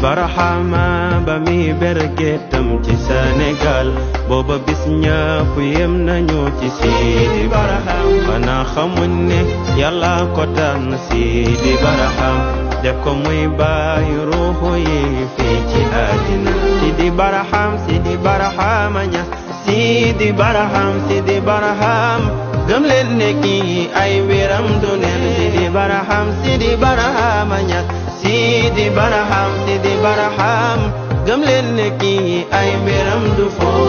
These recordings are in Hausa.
Barahama famille bergetam ci Sénégal booba bis ñëpp yem nañu ci Sidi Baraham xanaa xamuñ ne yàlla ko tànn Sidi Baraham def ko muy bàyyi ruuxu yi fii ci àddina Sidi Baraham Sidi Baraham ña Sidi ay wiram du neen Sidi Baraham Sidi Baraham ña Baraham gëm leen ne kii ay mbiram du foo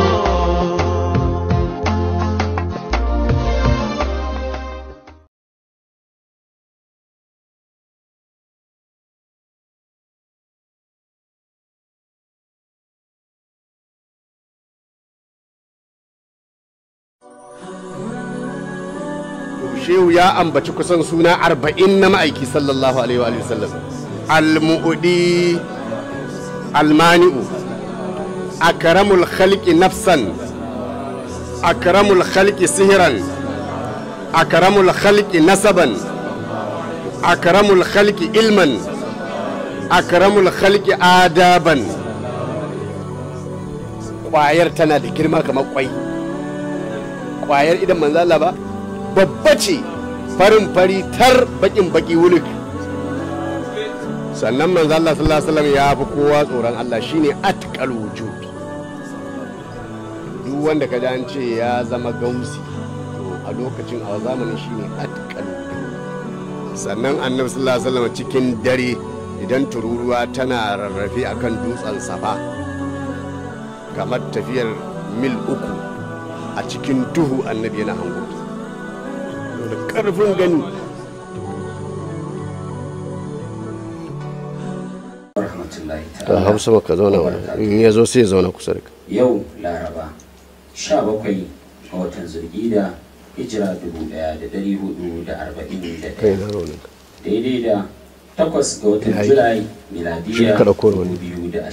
shehu ya ambaci kusan suna arba'in na ma'aiki sallallahu alaihi wa sallam al-mu'udi almani'u a akramul khalqi nafsan a akramul khalqi sihiran a akramul khalqi nasaban a akramul khalqi ilman a akramul khalqi adaban kwayar tana da girma kamar kwai kwayar idan manzala ba babba ce farin fari tar bakin baki wuluk sannan manzo Allah sallallahu alaihi wasallam ya fi kowa tsoron Allah shine atqal wujud duk wanda ka an ce ya zama gausi to a lokacin a zamanin shine atqal sannan annabi sallallahu alaihi wasallam cikin dare idan tururuwa tana rarrafe akan dutsen safa kamar tafiyar mil uku a cikin duhu annabi yana hango da karfin gani da hamsa baka zauna wani in ya zo sai ya zauna kusa da yau laraba sha bakwai a watan zulgida hijira 1441 daidai da takwas ga watan julai miladiya 2020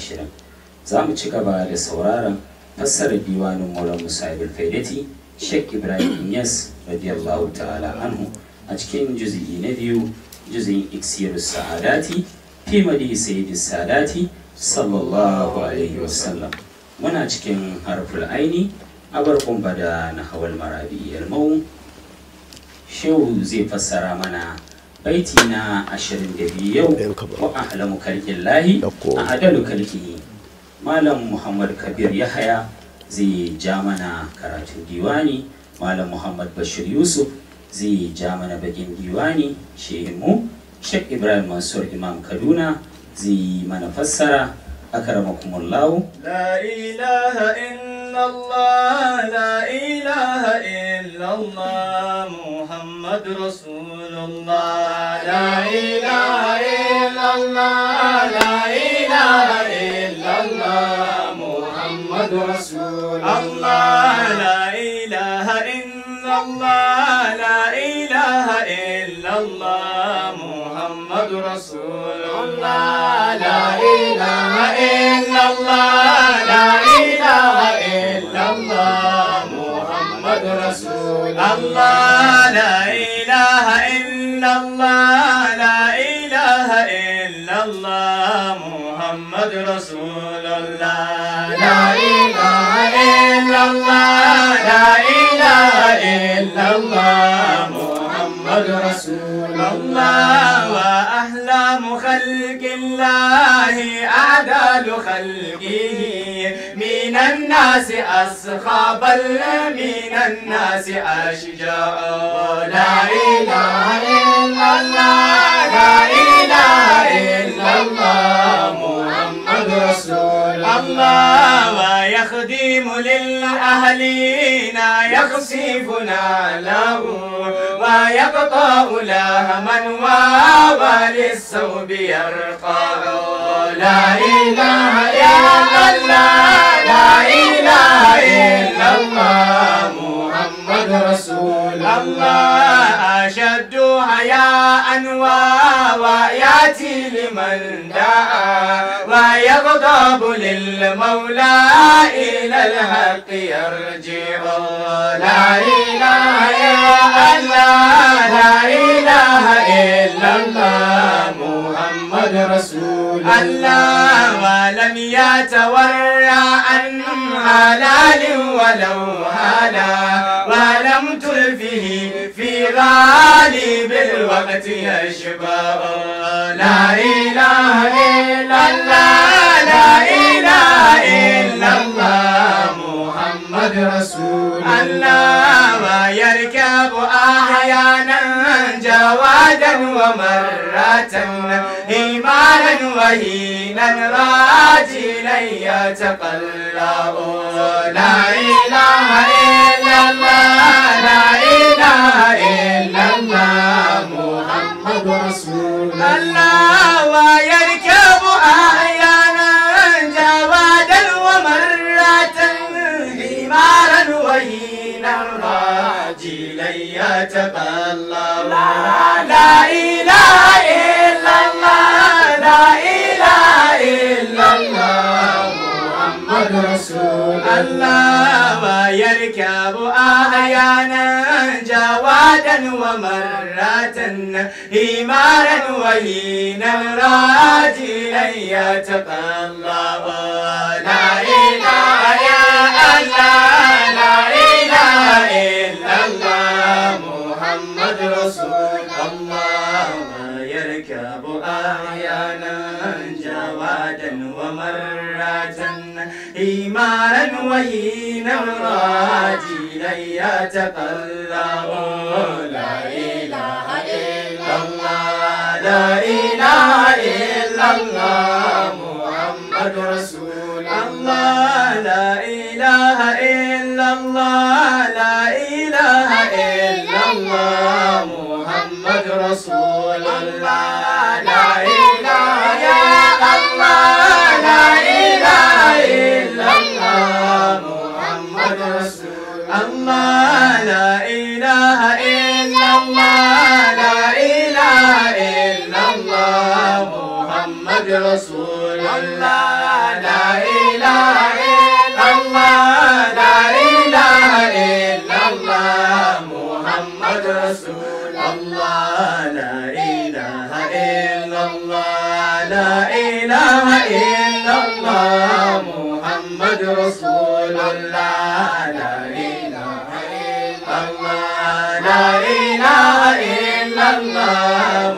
za mu ci gaba da sauraron fassara diwanin maula musa ibn faidati sheikh ibrahim yas radiyallahu ta'ala anhu a cikin juzi'i na biyu juzi'in iksirus sa'adati fi madi sayyidi sadati sallallahu alaihi wasallam muna cikin harful aini abar kumba da hawal marabi yalmau shehu zai fassara mana baiti na 22 yau wa ahlamu kalkin lahi a adalu kalki malam muhammad kabir yahaya zai ja mana karatun diwani malam muhammad bashir yusuf zai ja mana bakin diwani shehinmu شيخ إبراهيم مسور إمام Kaduna زي ما نفسر أكرمكم الله لا إله إلا الله لا إله إلا الله محمد رسول الله لا إله إلا الله لا إله إلا الله محمد رسول الله لا إله إلا الله لا إله إلا الله محمد رسول الله لا إله إلا الله لا إله إلا الله محمد رسول الله لا إله إلا الله لا إله إلا الله محمد رسول الله لا إله إلا الله لا إله إلا الله الله وأحلام خلق الله أعدل خلقه من الناس أصحاب من الناس أشجاع لا إله إلا الله لا إله إلا الله محمد رسول الله ويخدم للأهلين يخسفنا له ويقطع لهما وللثوب يرقى لا إله إلا الله لا إله إلا الله محمد رسول الله أشد حياء وياتي لمن دعا ويغضب للمولى إلى الحق يرجع لا إله إلا الله لا إله إلا الله محمد رسول الله ولم يتورع عن حلال ولو حلال لم تلفه في غالب الوقت يشبع لا إله إلا الله لا إله إلا الله محمد رسول الله ويركب أحيانا جوادا ومرات إيمانا وهينا راجلا يتقلب لا إله إلا الله لا إله إلا الله محمد رسول الله ويركب أحيانا جوادا ومرات حمارا وهينا راجلا يتبلى لا, لا إله إلا الله لا إله إلا الله محمد رسول الله ويركب أحيانا ومرة إيمانا وهين الراج إلي تقلب لا إله يا الله لا إله إلا الله محمد رسول الله ويركب أحيانا جوادا ومرة إيمانا وهين الراجي ilayya cha tallahu la ilaha illallah la ilaha illallah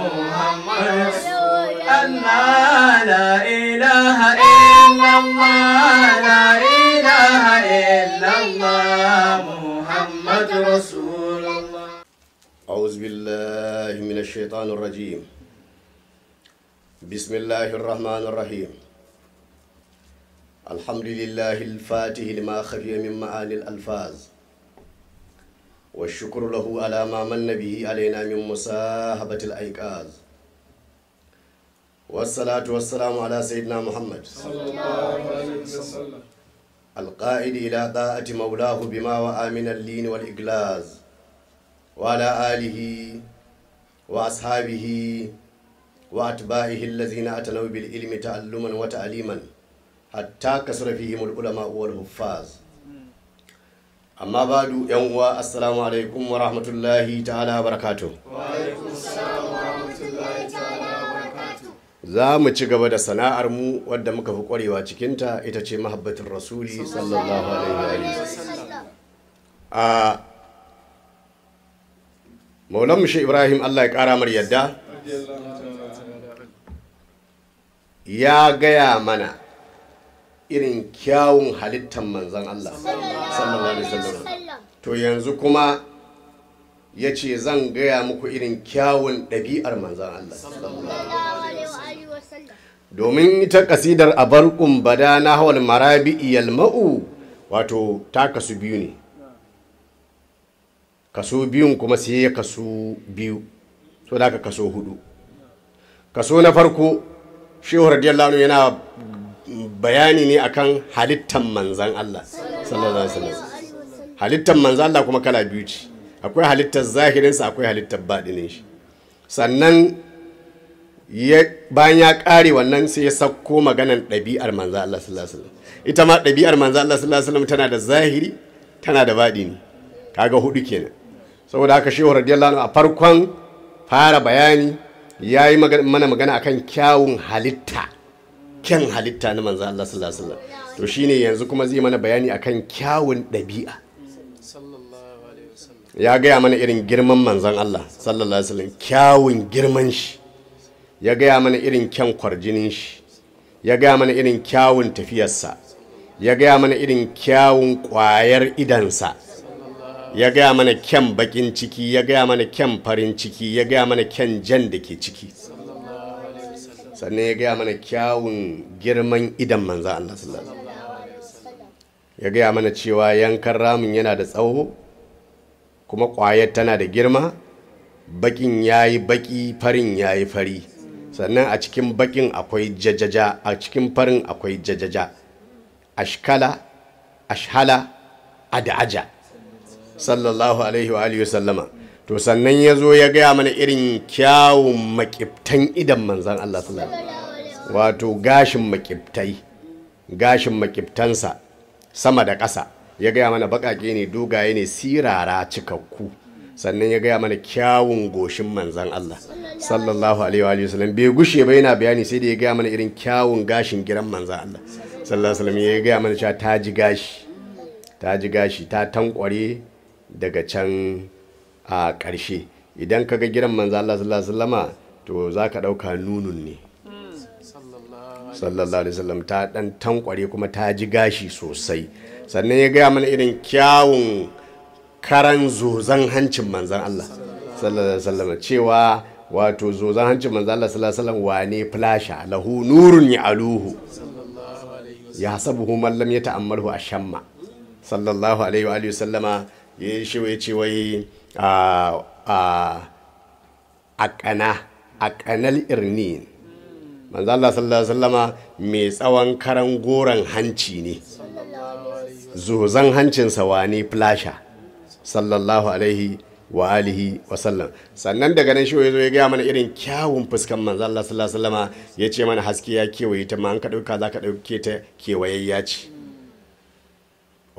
محمد أن لا إله إلا الله لا إله إلا الله محمد رسول الله أعوذ بالله من الشيطان الرجيم بسم الله الرحمن الرحيم الحمد لله الفاتح لما خفي من معاني الألفاظ والشكر له على ما من به علينا من مصاحبة الأيقاظ والصلاة والسلام على سيدنا محمد صلى الله عليه وسلم القائد إلى طاعة مولاه بما وآمن اللين والإقلاز وعلى آله وأصحابه وأتباعه الذين أتنوا بالعلم تعلما وتعليما حتى كسر فيهم العلماء والحفاظ amma badu yan uwa assalamu alaikum wa rahmatullahi ta'ala wa barakatu za mu ci gaba da sana'ar mu wadda muka fi kwarewa cikinta ita ce mahabbatin rasuli sallallahu alaihi wa a maulan shi ibrahim allah ya kara mar yadda ya gaya mana irin kyawun halittar manzan Allah to yanzu kuma ya ce zan gaya muku irin kyawun ɗabi'ar manzan Allah domin ita kasidar abarkun bada na hawan marabi'i yalma'u wato ta kasu biyu ne kaso biyun kuma sai ya kaso biyu so da ka kaso hudu kaso na farko shehu radiyallahu yana bayani ne akan halittan manzan Allah sallallahu alaihi wasallam halittan manzan Allah kuma kala biyu ce akwai halittar zahirinsa akwai halittar baɗinin shi sannan bayan ya ƙare wannan sai ya sakko maganan ɗabi'ar manzan Allah sallallahu alaihi wasallam ita ma ɗabi'ar manzan Allah sallallahu alaihi wasallam tana da zahiri tana da baɗini kaga hudu kenan saboda haka shehu radiyallahu a farkon fara bayani ya yi mana magana akan kyawun halitta kyan halitta na manzo Allah sallallahu alaihi wasallam to shine yanzu kuma zai mana bayani akan kyawun ɗabi'a ya gaya mana irin girman manzon Allah sallallahu alaihi wasallam kyawun girman shi ya gaya mana irin kyan kwarjinin shi ya gaya mana irin kyawun tafiyarsa ya gaya mana irin kyawun ƙwayar sa ya gaya mana kyan bakin ciki ya gaya mana kyan farin ciki ya gaya mana kyan jan da ke ciki sannan ya gaya mana kyawun girman idan manza Allah sallallahu ya gaya mana cewa yankan ramin yana da tsawo kuma ƙwayar tana da girma bakin ya yi baki farin ya yi fari sannan a cikin bakin akwai jajaja a cikin farin akwai jajaja ashkala ashhala ada'aja sallallahu alaihi wa sallama to sannan ya zo ya gaya mana irin kyawun makiftan idan manzan Allah wato gashin makiftai gashin makiftansa sama da ƙasa ya gaya mana baƙaƙe ne dogaye ne sirara cikakku sannan ya gaya mana kyawun goshin manzan Allah sallallahu alaihi wa sallam bai gushe ba yana bayani sai da ya gaya mana irin kyawun gashin giran manzan Allah sallallahu alaihi wa ya gaya mana cewa ta ji gashi ta ji gashi ta tankware daga can a ƙarshe idan ka ga gidan manzo Allah sallallahu alaihi to za ka ɗauka nunun ne sallallahu alaihi wasallam ta ɗan tankware kuma ta ji gashi sosai sannan ya gaya mana irin kyawun karan zozan hancin manzan Allah sallallahu alaihi wasallam cewa wato zozan hancin manzan Allah sallallahu alaihi wasallam wane flasha lahu nurun ya aluhu ya hasabuhu ya lam a shamma. sallallahu alaihi wa sallama. ya shi ya ce wai a ƙana a ƙanal irnin manzo Allah sallallahu alaihi wasallama mai tsawon karan goron hanci ne zozan hancinsa ne flasha sallallahu alaihi wa alihi wa sallam sannan daga nan shi ya zo ya gaya mana irin kyawun fuskan manzo Allah sallallahu alaihi wasallama ya ce mana haske ya kewaye ta ma an ka dauka zaka dauke ta kewayayya ce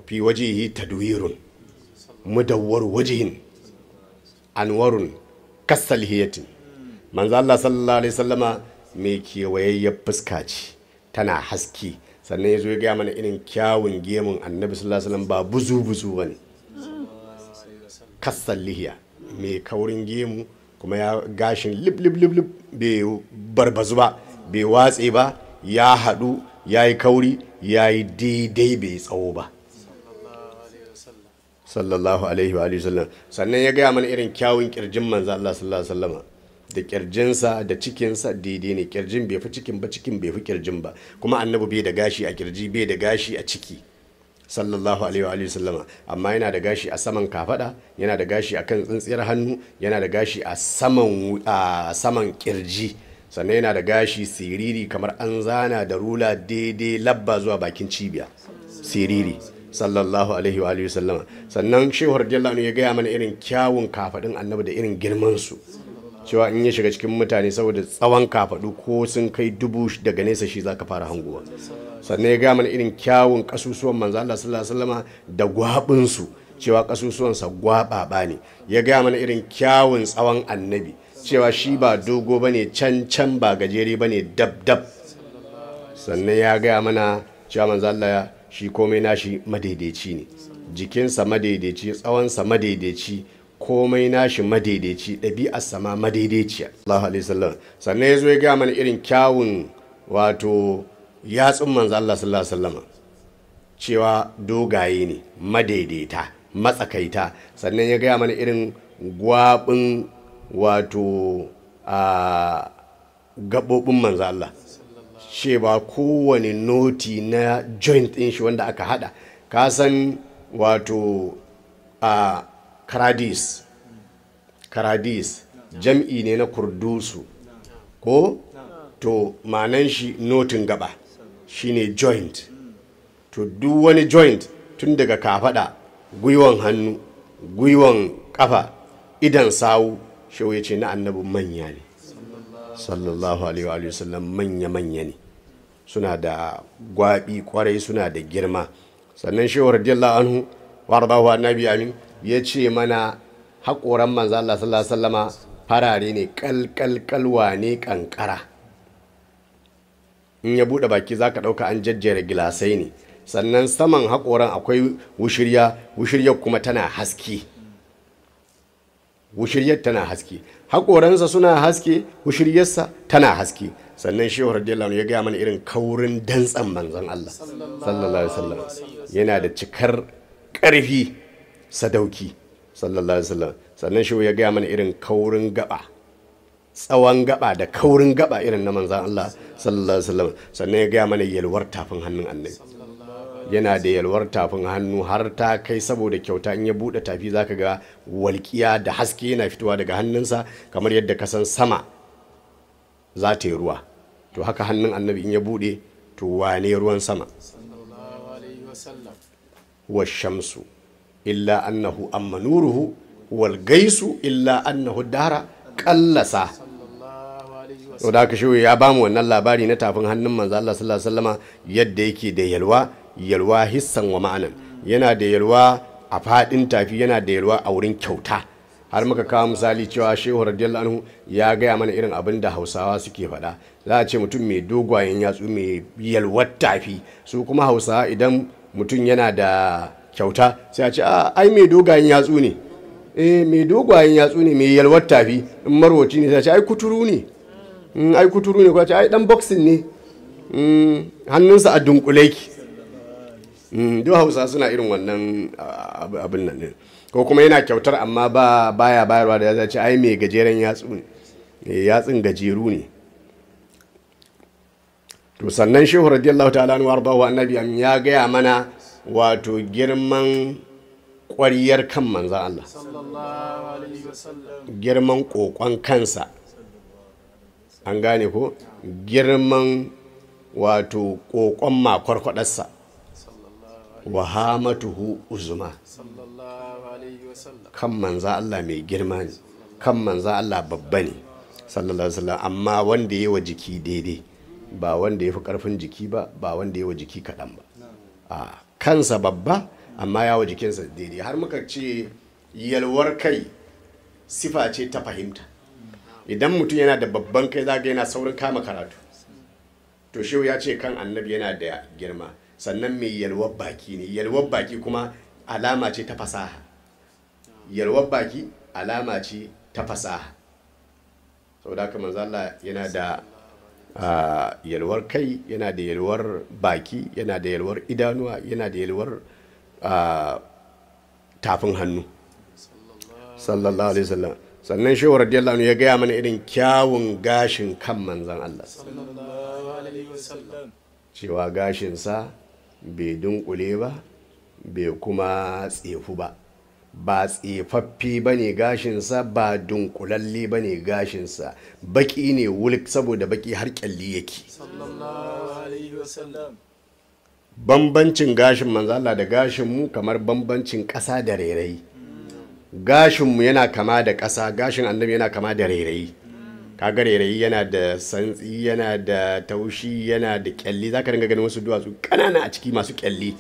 fi wajihi tadwirun mudawwar wajihin anwarun kassal hiyatin manzo Allah sallallahu alaihi wasallama mai kewayayyar fuska ce tana haske sannan ya zo ya gaya mana irin kyawun gemun annabi sallallahu alaihi wasallam ba buzu buzu bane kassal lihiya mai kaurin gemu kuma ya gashin lip lip lip lip bai barbazu ba bai watse ba ya haɗu ya yi kauri ya yi daidai bai tsawo ba sallallahu alaihi wa sallam sannan ya gaya mana irin kyawun kirjin manzo Allah sallallahu alaihi da kirjinsa da cikinsa daidai ne kirjin bai fi cikin ba cikin bai fi kirjin ba kuma annabi bai da gashi a kirji bai da gashi a ciki sallallahu alaihi wa sallama amma yana da gashi a saman kafada yana da gashi a kan tsintsiyar hannu yana da gashi a saman a saman kirji sannan yana da gashi siriri kamar an zana da rula daidai labba zuwa bakin cibiya siriri sallallahu alaihi wa alihi sallama sannan shehu radiyallahu ya gaya mana irin kyawun kafadin annabi da irin girman su cewa in ya shiga cikin mutane saboda tsawon kafadu ko sun kai dubu daga nesa shi zaka fara hanguwa sannan ya gaya mana irin kyawun kasusuwan manzo Allah sallallahu alaihi da gwabin su cewa sa gwaba ne ya gaya mana irin kyawun tsawon annabi cewa shi ba dogo bane can can ba gajere bane dab dab sannan ya gaya mana cewa manzo Allah shi komai nashi madaidaici ne jikinsa madaidaici tsawonsa madaidaici komai nashi madaidaici ɗabi'arsa ma madaidaiciya Allah alaihi sallam sannan ya zo ya gaya mana irin kyawun wato yatsun manzo Allah sallallahu alaihi wasallam cewa dogaye ne madaidaita matsakaita sannan ya gaya mana irin gwabin wato a ah, gaɓoɓin manzo Allah Sheba ba kowane noti na joint ɗin shi wanda aka hada ka san wato a karadis karadis jam'i ne na kurdusu ko to manan shi notin gaba shine joint to duk wani joint tun daga kafada gwiwon hannu gwiwan kafa idan sawu shi ce na annabin manya ne sallallahu alaihi wa sallam manya-manya ne suna da gwabi kwarai suna da girma sannan shehu radiyallahu anhu wa radahu annabi amin ya ce mana haƙoran manza Allah sallallahu alaihi wasallama farare ne kalkalkalwa ne kankara in ya buɗe baki zaka ɗauka an jajjere gilasai ne sannan saman haƙoran akwai wushirya wushiryar kuma tana haske wushiryar tana haske haƙoransa suna haske hushiryarsa tana haske sannan shehu radiyallahu ya gaya mana irin kaurin dantsan manzon Allah sallallahu alaihi wasallam yana da cikar ƙarfi sadauki sallallahu alaihi wasallam sannan shehu ya gaya mana irin kaurin gaba tsawon gaba da kaurin gaba irin na manzan Allah sallallahu alaihi wasallam sannan ya gaya mana yalwar tafin hannun annabi yana da yalwar tafin hannu har ta kai saboda kyauta in ya buɗe tafi zaka ga walƙiya da haske yana fitowa daga hannunsa kamar yadda ka san sama za ta yi ruwa to haka hannun annabi in ya buɗe to wane ruwan sama wa shamsu illa annahu amma nuruhu wal gaisu illa annahu dara kallasa to da aka shi ya bamu wannan labari na tafin hannun manzo Allah sallallahu alaihi wasallama yadda yake da yalwa yalwa hissan wa ma'anan yana da yalwa a faɗin tafi yana da yalwa a wurin kyauta har muka kawo misali cewa shehu radiyallahu anhu ya gaya mana irin abin da hausawa suke faɗa za a ce mutum mai dogwayen yatsu mai yalwar tafi su kuma hausawa idan mutum yana da kyauta sai a ce ah, ai mai dogayen yatsu ne eh mai dogwayen yatsu ne mai yalwar tafi in marwaci ne sai a ce ai kuturu ne hmm, ai kuturu ne ko a ce ai dan boxing ne hmm, hannunsa a dunkule ki Mm, duk hausa suna irin wannan abin nan ko kuma yana kyautar amma ba baya bayarwa da ya zace ai mai gajeren yatsu ne eh, yatsun gajeru ne to sannan shehu radiyallahu ta'ala anhu wa annabi am ya gaya mana wato girman kwariyar kan manza Allah girman kokon kansa an gane ko girman wato ƙoƙon makwarkwadarsa wa hu uzuma kan manza Allah mai girma ne kan manza Allah babba ne sallallahu amma wanda yi wa jiki daidai ba wanda ya fi karfin jiki ba ba wanda ya wa jiki kaɗan ba a kansa babba amma ya wa jikinsa daidai har muka ce yalwar kai sifa ce ta fahimta idan mutum yana da babban kai zaga yana saurin kama karatu to shehu ya ce kan annabi yana da girma sannan mai yalwar baki ne yalwar baki kuma alama ce ta fasaha yalwar baki alama ce ta fasaha sau da kamar zalla yana da yalwar kai yana da yalwar baki yana da yalwar idanuwa yana da yalwar tafin hannu sallallahu alaihi wasallam sannan shehu radiyallahu anhu ya gaya mana irin kyawun gashin kan manzan Allah cewa gashinsa bai dunkule ba bai kuma tsefu ba ba tsefaffe ba ne gashinsa ba dunkulalle ba ne gashinsa baki ne wulik saboda baki har kyalli yake bambancin gashin manzala da gashin mu kamar bambancin ƙasa da rairayi gashinmu yana kama da ƙasa gashin annabi yana kama da rairayi kaga rairayi yana da santsi yana da taushi yana da kyalli zaka dinga ganin wasu duwatsu kanana a ciki masu kyalli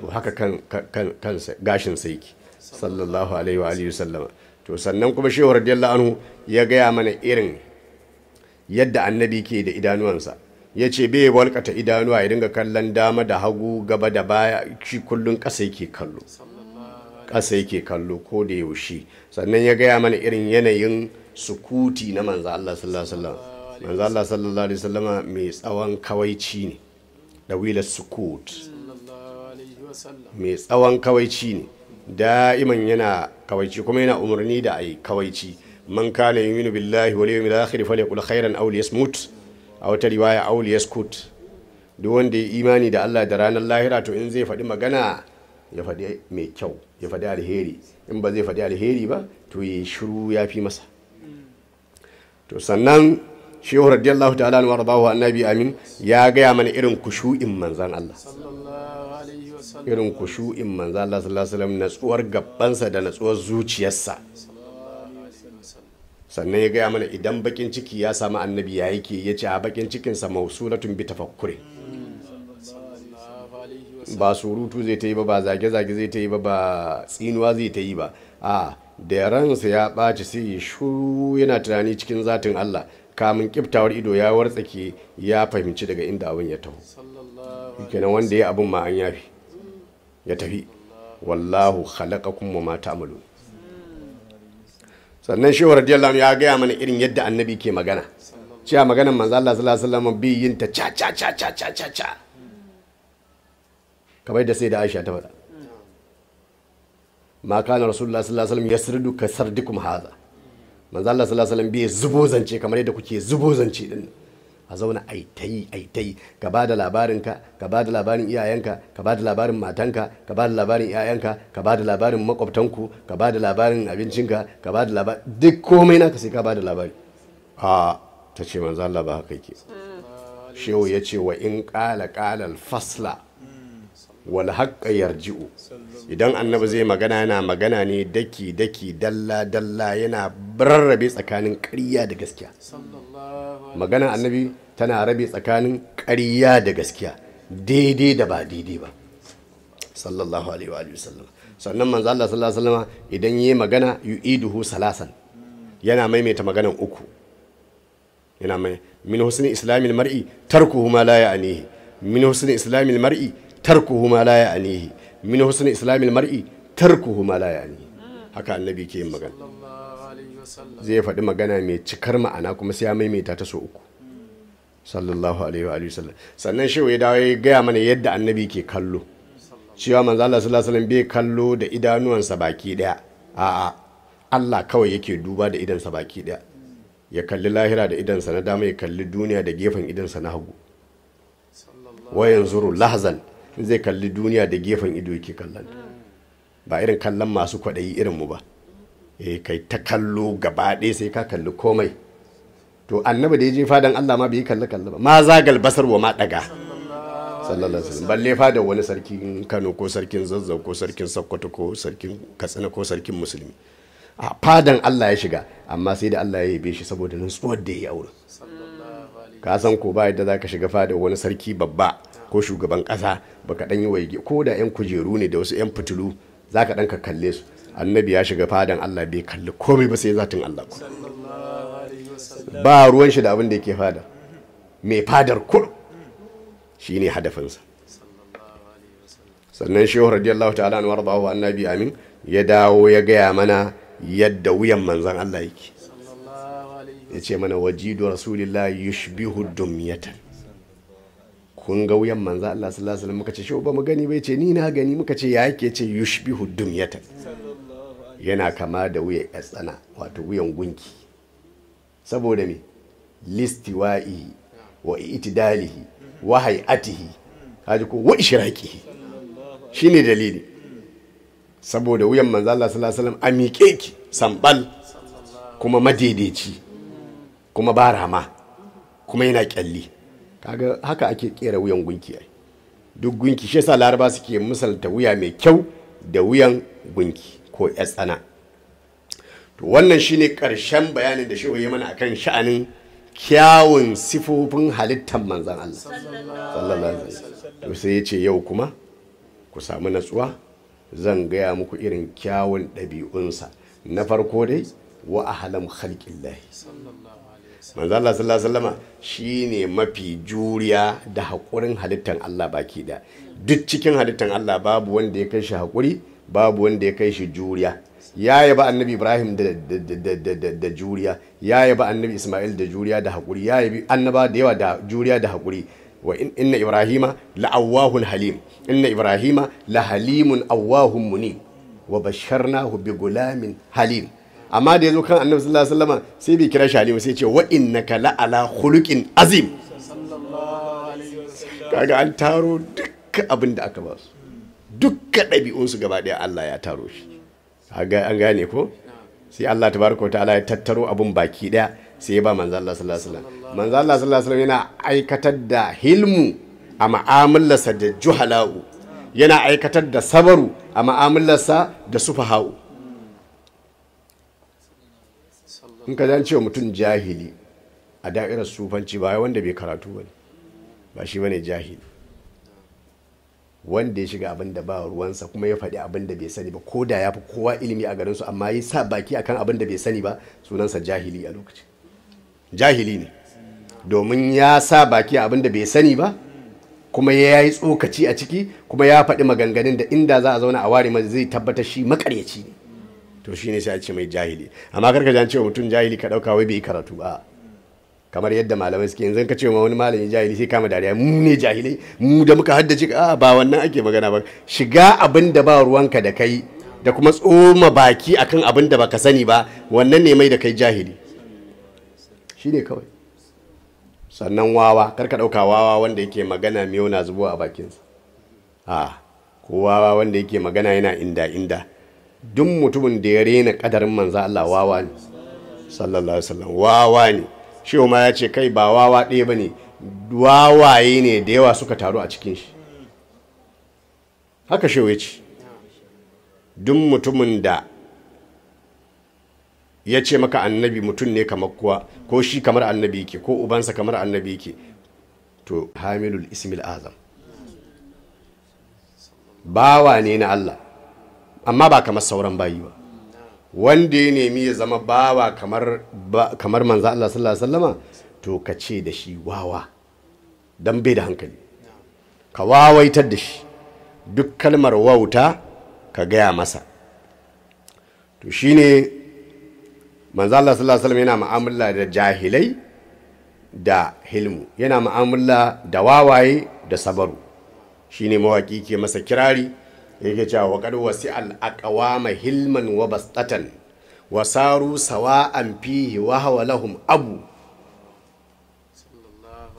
to haka kan kan gashin saiki sallallahu alaihi wa alihi sallama to sannan kuma shehu radiyallahu anhu ya gaya mana irin yadda annabi ke da idanuwansa ya ce bai walƙata idanuwa ya dinga kallon dama da hagu gaba da baya shi kullum ƙasa yake kallo ƙasa yake kallo ko da yaushe sannan ya gaya mana irin yanayin sukuti na manzo Allah sallallahu alaihi wasallam mai tsawon kawaici ne wila sukut mai tsawon kawaici ne da'iman yana kawaici kuma yana umarni da ai kawaici man kana yuminu billahi wal yawmil akhir falyakul khairan aw liyasmut a wata riwaya aw liyaskut duk wanda ya imani da Allah da ranar lahira to in zai faɗi magana ya faɗi mai kyau ya faɗi alheri in ba zai faɗi alheri ba to ya shiru ya fi masa to sannan shehu radiyallahu ta'ala wa radahu annabi amin ya gaya mana irin kushu'in manzan Allah irin kushu'in manzan Allah sallallahu alaihi wasallam natsuwar gabbansa da natsuwar zuciyarsa sannan ya gaya mana idan bakin ciki ya samu annabi ya ke, ya ce a bakin cikinsa mausulatun bi tafakkure ba surutu zai ta yi ba ba zage-zage zai ta yi ba ba tsinuwa zai ta yi ba a da ransa ya ɓaci sai shuru yana tunani cikin zatin Allah kamun kiftawar ido ya wartsake ya fahimci daga inda abin ya taho kenan wanda ya abin ma an yafi ya tafi wallahu khalaqakum kuma ma ta'malun sannan shehu radiyallahu ya gaya mana irin yadda annabi ke magana cewa maganar manzo Allah sallallahu alaihi wasallam bi yin ta cha cha cha cha cha cha kamar da sai da Aisha ta faɗa ma kana rasulullah sallallahu alaihi wasallam yasridu ka sardikum haza manzo Allah sallallahu alaihi wasallam bai zubo zance kamar yadda kuke zubo zance din a zauna ai tai yi ai ta yi ka ba da labarin ka ka ba da labarin iyayenka ka ba da labarin matanka ka ba da labarin iyayenka ka ba da labarin makwabtanku ka ba da labarin abincinka ka ba da labarin duk komai naka sai ka ba da labari a ta ce manzo Allah ba haka yake shehu ya ce wa in qala qala al fasla wal haqqa yarji'u idan annabi zai magana yana magana ne daki daki dalla dalla yana rarrabe tsakanin ƙarya da gaskiya magana annabi tana rabe tsakanin ƙarya da gaskiya daidai da ba daidai ba sallallahu alaihi wa sallam sannan manzo Allah sallallahu alaihi wa idan yayi magana yu'iduhu salasan yana maimaita maganan uku yana mai min husni islamil mar'i tarkuhu ma la ya'nihi min husni islamil mar'i tarkuhu ma la ya'nihi min husni islamil mar'i tarkuhu ma la yani haka annabi ke yin magana zai faɗi magana mai cikar ma'ana kuma sai ya maimaita ta so uku sallallahu alaihi wa sallam sannan shi ya dawo ya gaya mana yadda annabi ke kallo cewa manzo Allah sallallahu alaihi bai kallo da idanuwansa baki daya a'a Allah kawai yake duba da idansa baki daya ya kalli lahira da idansa na dama ya kalli duniya da gefen idansa na hagu wa yanzuru lahzan zai kalli duniya da gefen ido yake kallon ba irin kallon masu kwaɗayi irin mu ba e kai ta kallo gaba ɗaya sai ka kalli komai to annabi da ya je fadan Allah ma bai kalli kalli ba ma zagal basar wa ma daga sallallahu alaihi wasallam balle fadan wani sarkin Kano ko sarkin Zazzau ko sarkin Sokoto ko sarkin Katsina ko sarkin Musulmi a fadan Allah ya shiga amma sai da Allah ya yi shi saboda tsuwar da ya yi aure ka san ko ba yadda zaka shiga fadan wani sarki babba ko shugaban ƙasa ka ɗan yi waige ko da yan kujeru ne da wasu yan fitilu za ka ɗan ka kalle su annabi ya shiga fadan Allah bai kalli komai ba sai zatin Allah ku. ba ruwan shi da abin da yake fada mai fadar kur ne hadafinsa sannan shehu radiyallahu ta'ala anwar ba'u annabi amin ya dawo ya gaya mana yadda wuyan manzan Allah yake ya ce mana wajidu rasulillah yushbihu dumyatan kun ga wuyan manzo Allah sallallahu alaihi muka ce shi ba mu gani bai ce ni na gani muka ce ya yake ce yushbihu dumyatan yana kama da wuyan tsana wato wuyan gunki saboda me listiwa'i wa itidalihi wa hay'atihi kaji ko wa ishraqihi shine dalili saboda wuyan manzo Allah sallallahu alaihi wasallam a ki sambal kuma madaidaici kuma ba rama kuma yana kyalli kaga haka ake kera wuyan gunki ai duk gunki shi yasa laraba suke misalta wuya mai kyau da wuyan gunki ko yatsana tsana to wannan shine karshen bayanin da shehu ya mana akan sha'anin kyawun sifofin halittar manzan Allah sallallahu alaihi wasallam sai yace yau kuma ku samu natsuwa zan gaya muku irin kyawun ɗabi'unsa na farko dai wa ahalam khalqillahi manzo Allah sallallahu shine mafi juriya da haƙurin halittan Allah baki da duk cikin halittan Allah babu wanda ya kai shi haƙuri babu wanda ya kai shi juriya ya yaba annabi Ibrahim da juriya ya yaba annabi Ismail da juriya da haƙuri ya yabi annaba da yawa da juriya da haƙuri wa inna Ibrahima la'awahun halim inna Ibrahima la halimun awahun muni wa basharnahu bi gulamin halim amma da ya zo kan annabi sallallahu alaihi wasallam sai bai kira shi halima sai ce wa innaka la ala khuluqin azim kaga an taro dukkan abin da aka ba su dukkan su gaba ɗaya Allah ya taro shi an gane ko sai Allah tabaraka wa ta'ala ya tattaro abun baki ɗaya sai ya ba manzo Allah sallallahu alaihi wasallam manzo Allah sallallahu alaihi wasallam yana aikatar da hilmu a ma'amalarsa da juhala'u yana aikatar da sabaru a ma'amalarsa da sufaha'u in ka zan cewa mutum jahili a da'irar sufanci ba wanda bai karatu ba ba shi bane jahili wanda ya shiga abin da ba ruwansa kuma ya faɗi abin da bai sani ba ko da ya fi kowa ilimi a garinsu amma ya sa baki akan abin da bai sani ba sunansa jahili a lokaci. jahili ne domin ya sa baki abin da bai sani ba kuma ya yi tsokaci a ciki kuma ya faɗi maganganun da inda za a zauna a ware zai tabbatar shi makaryaci ne to ne sai a ce mai jahili amma karka jan cewa mutum jahili ka dauka wai bai karatu ba kamar yadda malamai suke yanzu ka ce ma wani malami jahili sai kama dariya mu ne jahilai mu da muka haddace a ba wannan ake magana ba shiga abin da ba ruwanka da kai da kuma tsoma baki akan abin da baka sani ba wannan ne mai da kai jahili shine kawai sannan wawa karka dauka wawa wanda yake magana miyau na zubo a bakinsa a ko wawa wanda yake magana yana inda inda duk mutumin da ya rena kadarin manzo Allah wawa ne sallallahu alaihi wasallam wawa ne shi ma ya ce kai ba wawa ɗaya ba ne. wawaye ne da yawa suka taru a cikin shi haka shewa ya ce duk mutumin da ya ce maka annabi mutum ne kamar kuwa ko shi kamar annabi yake ko ubansa kamar annabi yake to hamilul ismil azam bawa ne na Allah amma ba kamar sauran bayi ba wanda ya nemi ya zama bawa kamar manza Allah sallallahu alaihi wasallama to ka ce da shi wawa dan bai da hankali ka wawaitar da shi duk kalmar wauta ka gaya masa to shine manzo Allah sallallahu alaihi wasallam yana mu'amala da jahilai da hilmu yana mu'amala da wawaye da sabaru shine mawaƙi ke masa kirari yake cewa wa qad wasi'al aqwama hilman wa bastatan wa saru sawa'an fihi wa hawa lahum abu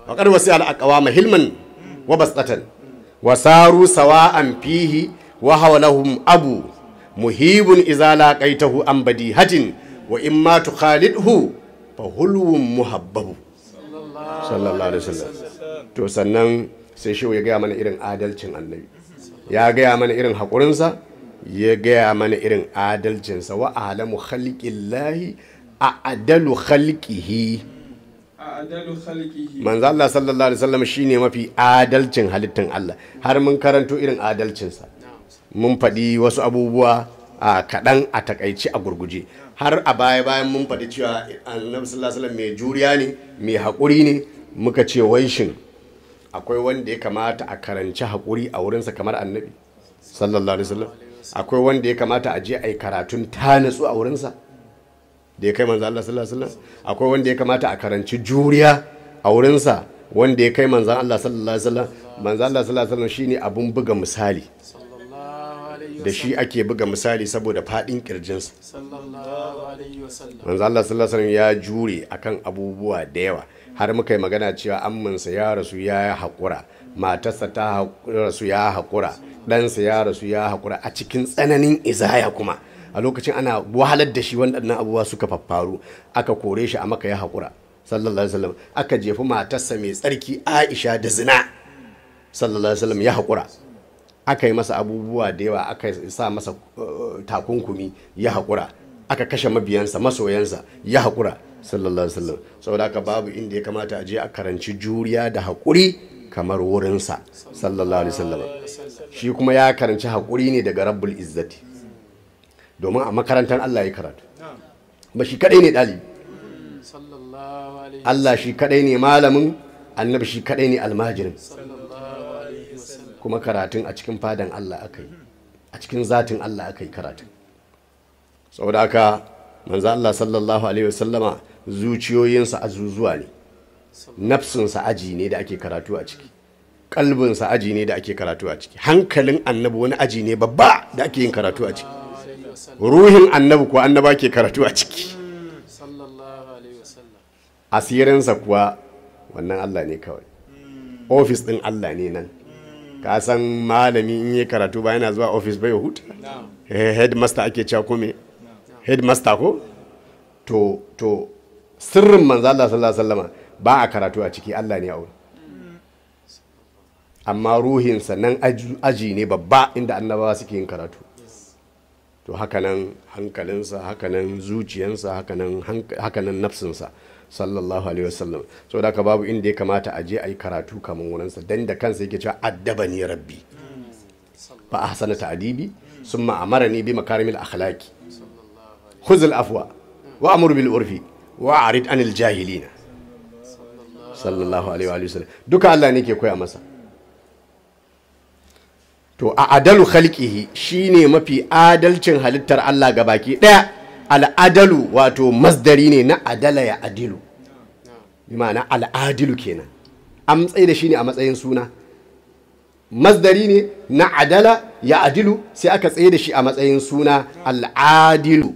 wa qad wasi'al aqwama hilman wa bastatan wa saru sawa'an fihi wa hawa lahum abu muhibun idza laqaitahu am badihatin wa imma tukhalidhu fa hulwun muhabbabu sallallahu alaihi wasallam to sannan sai shi ya ga mana irin adalcin annabi ya gaya mana irin haƙurinsa ya gaya mana irin adalcinsa wa alamu khalqillahi a adalu khalqihi manzo Allah sallallahu alaihi wasallam shine mafi adalcin halittin Allah har mun karanto irin adalcinsa mun faɗi wasu abubuwa a kaɗan a takaici a gurguje har a baya bayan mun faɗi cewa annabi sallallahu alaihi wasallam mai juriya ne mai haƙuri ne muka ce wai shin akwai wanda ya kamata a karanci haƙuri a wurinsa kamar annabi sallallahu alaihi wasallam akwai wanda ya kamata a je a yi karatun ta natsu a wurinsa da ya kai manzan Allah sallallahu alaihi wasallam akwai wanda ya kamata a karanci juriya a wurinsa wanda ya kai manzan Allah sallallahu alaihi wasallam manzan Allah sallallahu alaihi wasallam shine abun buga misali da shi ake buga misali saboda fadin ƙirjinsa manzan Allah sallallahu alaihi wasallam ya jure akan abubuwa da yawa har muka yi magana cewa amminsa ya rasu ya haƙura matarsa ta rasu ya haƙura ɗansa ya rasu ya haƙura a cikin tsananin izaya kuma a lokacin ana wahalar da shi waɗannan abubuwa suka faffaru aka kore shi a maka ya haƙura sallallahu alaihi wasallam aka jefi matarsa mai tsarki aisha da zina sallallahu alaihi wasallam ya haƙura aka yi masa abubuwa da yawa aka sa masa eh, takunkumi ya haƙura aka kashe mabiyansa masoyansa ya haƙura sallallahu alaihi saboda haka babu inda ya kamata a je a karanci juriya da haƙuri kamar wurinsa sallallahu alaihi wasallam shi kuma ya karanci haƙuri ne daga rabbul izzati domin a makarantar Allah ya karatu ba shi kadai ne ɗalibi Allah shi kadai ne malamin annabi shi kadai ne almajirin kuma karatun a cikin fadan Allah aka yi a cikin zatin Allah aka yi karatun saboda haka manzo Allah sallallahu alaihi wasallama zuciyoyinsa azuzuwa ne nafsinsa aji ne da ake karatu a ciki kalbinsa aji ne da ake karatu a ciki hankalin annabi wani aji ne babba da ake yin karatu a ciki ruhin annabi ko annaba ke karatu a ciki asirinsa kuwa wannan Allah ne kawai ofis ɗin Allah ne nan ka san malami in yi karatu ba yana zuwa ofis bai huta eh, headmaster ake cewa kome headmaster ko to to sirrin manzo Allah sallallahu alaihi wasallam ba a karatu a ciki Allah ne a aure amma ruhinsa nan aji ne babba inda annabawa suke yin karatu to hakanan hankalinsa hakanan zuciyansa hakanan hakanan nafsinsa sallallahu alaihi wasallam so da ka babu inda ya kamata a je a yi karatu kamar wurinsa dan da kansa yake cewa addabani rabbi ba a hasana ta'adibi summa amara ni bi makarimil akhlaqi khuzul afuwa. wa amur bil jahilina sallallahu alaihi wa sallam duka Allah ne ke koya masa to a'adalu adalu shi ne mafi adalcin halittar Allah ga baki ɗaya. al'adalu wato masdari ne na adala ya adilu bi ma'ana kenan an matsayi da shi ne a matsayin suna masdari ne na adala ya adilu sai aka tsaye da shi a matsayin suna al'adilu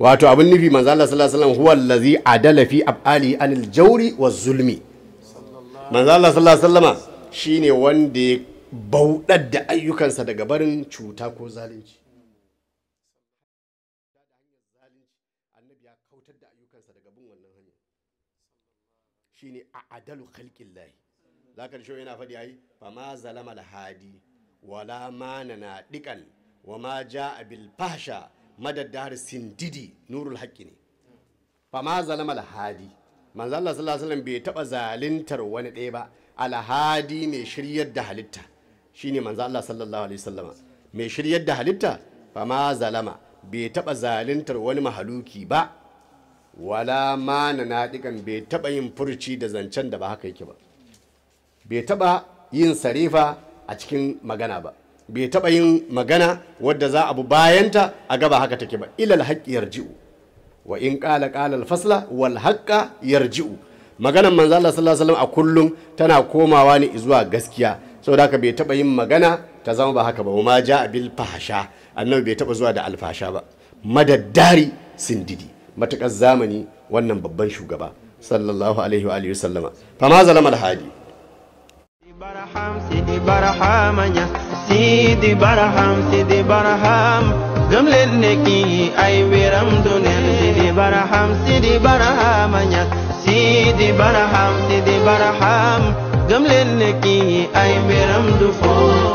wato abin nufi manzo Allah sallallahu alaihi wasallam huwa allazi adala fi af'ali anil jawri waz zulmi manzo Allah sallallahu alaihi wasallam shine wanda ya bauɗar da ayyukansa daga barin cuta ko zalunci shine a adalu khalqin lahi zaka ji yana faɗi ai fa ma zalama al hadi wala manana diqal wa ma jaa bil fahsha madaddar sindidi nurul haƙƙi ne fa ma zalama alhadi manzo Allah sallallahu alaihi bai taba zalintar wani ɗaya ba alhadi mai shiryar da halitta shine manzo Allah sallallahu alaihi wasallam mai shiryar da halitta fa ma zalama bai taba zalintar wani mahaluki ba wala ma na nadikan bai taba yin furci da zancen da ba haka yake ba bai taba yin sarifa a cikin magana ba bai taɓa yin magana wadda za a bu bayanta a gaba haka take ba ilal haƙƙi yarji'u wa in ƙala ƙala fasla wal haƙƙa yarji'u maganan manzo Allah sallallahu alaihi wasallam a kullum tana komawa ne zuwa gaskiya saboda haka bai taɓa yin magana ta zama ba haka ba ma ja bil fahsha annabi bai taɓa zuwa da alfasha ba madaddari sindidi matakar zamani wannan babban shugaba sallallahu alaihi wa alihi wasallama fama zalama alhadi Baraham, Sidi Baraham aña Sidi Baraham, Sidi Baraham gëm leen ne kii ay wiram du neen Sidi Baraham, Sidi Baraham aña Sidi Baraham, Sidi Baraham gëm leen ne kii ay wiram du fo